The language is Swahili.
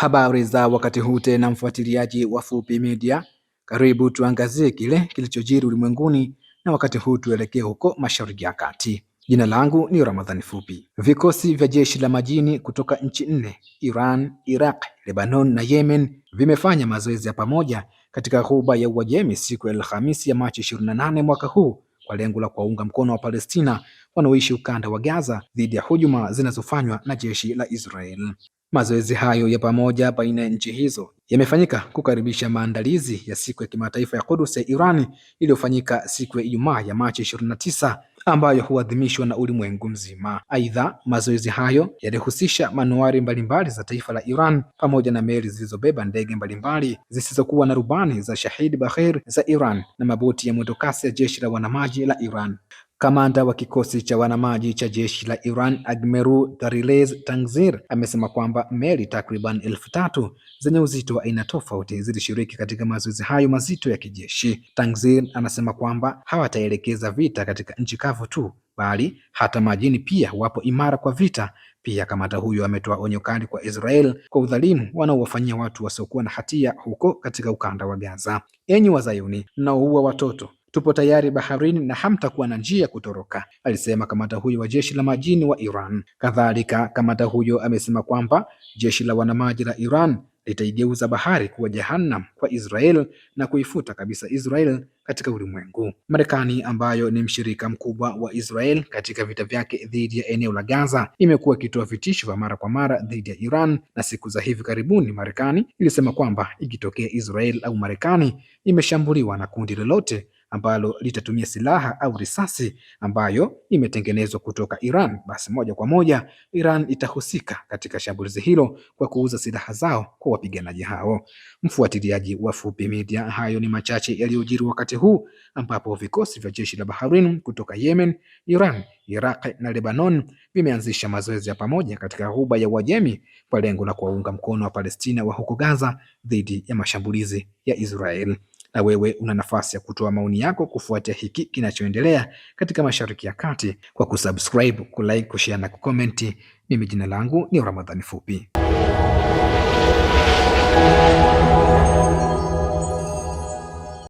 Habari za wakati huu tena, mfuatiliaji wa Fupi Media, karibu tuangazie kile kilichojiri ulimwenguni, na wakati huu tuelekee huko Mashariki ya Kati. Jina langu ni Ramadhani Fupi. Vikosi vya jeshi la majini kutoka nchi nne, Iran, Iraq, Lebanon na Yemen vimefanya mazoezi ya pamoja katika ghuba ya Uajemi siku ya Alhamisi ya Machi 28 mwaka huu kwa lengo la kuwaunga mkono wa Palestina wanaoishi ukanda wa Gaza dhidi ya hujuma zinazofanywa na jeshi la Israel. Mazoezi hayo ya pamoja baina ya nchi hizo yamefanyika kukaribisha maandalizi ya siku ya kimataifa ya Quds ya iran iliyofanyika siku ya Ijumaa ya Machi 29 ambayo huadhimishwa na ulimwengu mzima. Aidha, mazoezi hayo yalihusisha manuari mbalimbali za taifa la Iran pamoja na meli zilizobeba ndege mbalimbali zisizokuwa na rubani za Shahid Bakhir za Iran na maboti ya mwendokasi ya jeshi la wanamaji la Iran. Kamanda wa kikosi cha wanamaji cha jeshi la Iran Agmeru Darilez Tangzir amesema kwamba meli takriban elfu tatu zenye uzito wa aina tofauti zilishiriki katika mazoezi hayo mazito ya kijeshi. Tangzir anasema kwamba hawataelekeza vita katika nchi kavu tu, bali hata majini pia wapo imara kwa vita. Pia kamanda huyo ametoa onyo kali kwa Israel kwa udhalimu wanaowafanyia watu wasiokuwa na hatia huko katika ukanda wa Gaza. Enyi Wazayuni mnaoua watoto tupo tayari baharini na hamtakuwa na njia kutoroka, alisema kamanda huyo wa jeshi la majini wa Iran. Kadhalika, kamanda huyo amesema kwamba jeshi la wanamaji la Iran litaigeuza bahari kuwa jehanamu kwa Israel na kuifuta kabisa Israel katika ulimwengu. Marekani ambayo ni mshirika mkubwa wa Israel katika vita vyake dhidi ya eneo la Gaza imekuwa ikitoa vitisho vya mara kwa mara dhidi ya Iran, na siku za hivi karibuni Marekani ilisema kwamba ikitokea Israel au Marekani imeshambuliwa na kundi lolote ambalo litatumia silaha au risasi ambayo imetengenezwa kutoka Iran, basi moja kwa moja Iran itahusika katika shambulizi hilo kwa kuuza silaha zao kwa wapiganaji hao. Mfuatiliaji wa Fupi Media, hayo ni machache yaliyojiri wakati huu ambapo vikosi vya jeshi la Bahrain kutoka Yemen, Iran, Iraq na Lebanon vimeanzisha mazoezi ya pamoja katika ghuba ya Uajemi kwa lengo la kuwaunga mkono wa Palestina wa huko Gaza dhidi ya mashambulizi ya Israel na wewe una nafasi ya kutoa maoni yako kufuatia hiki kinachoendelea katika Mashariki ya Kati kwa kusubscribe, kulike, kushare na kukomenti. Mimi jina langu ni Ramadhani Fupi.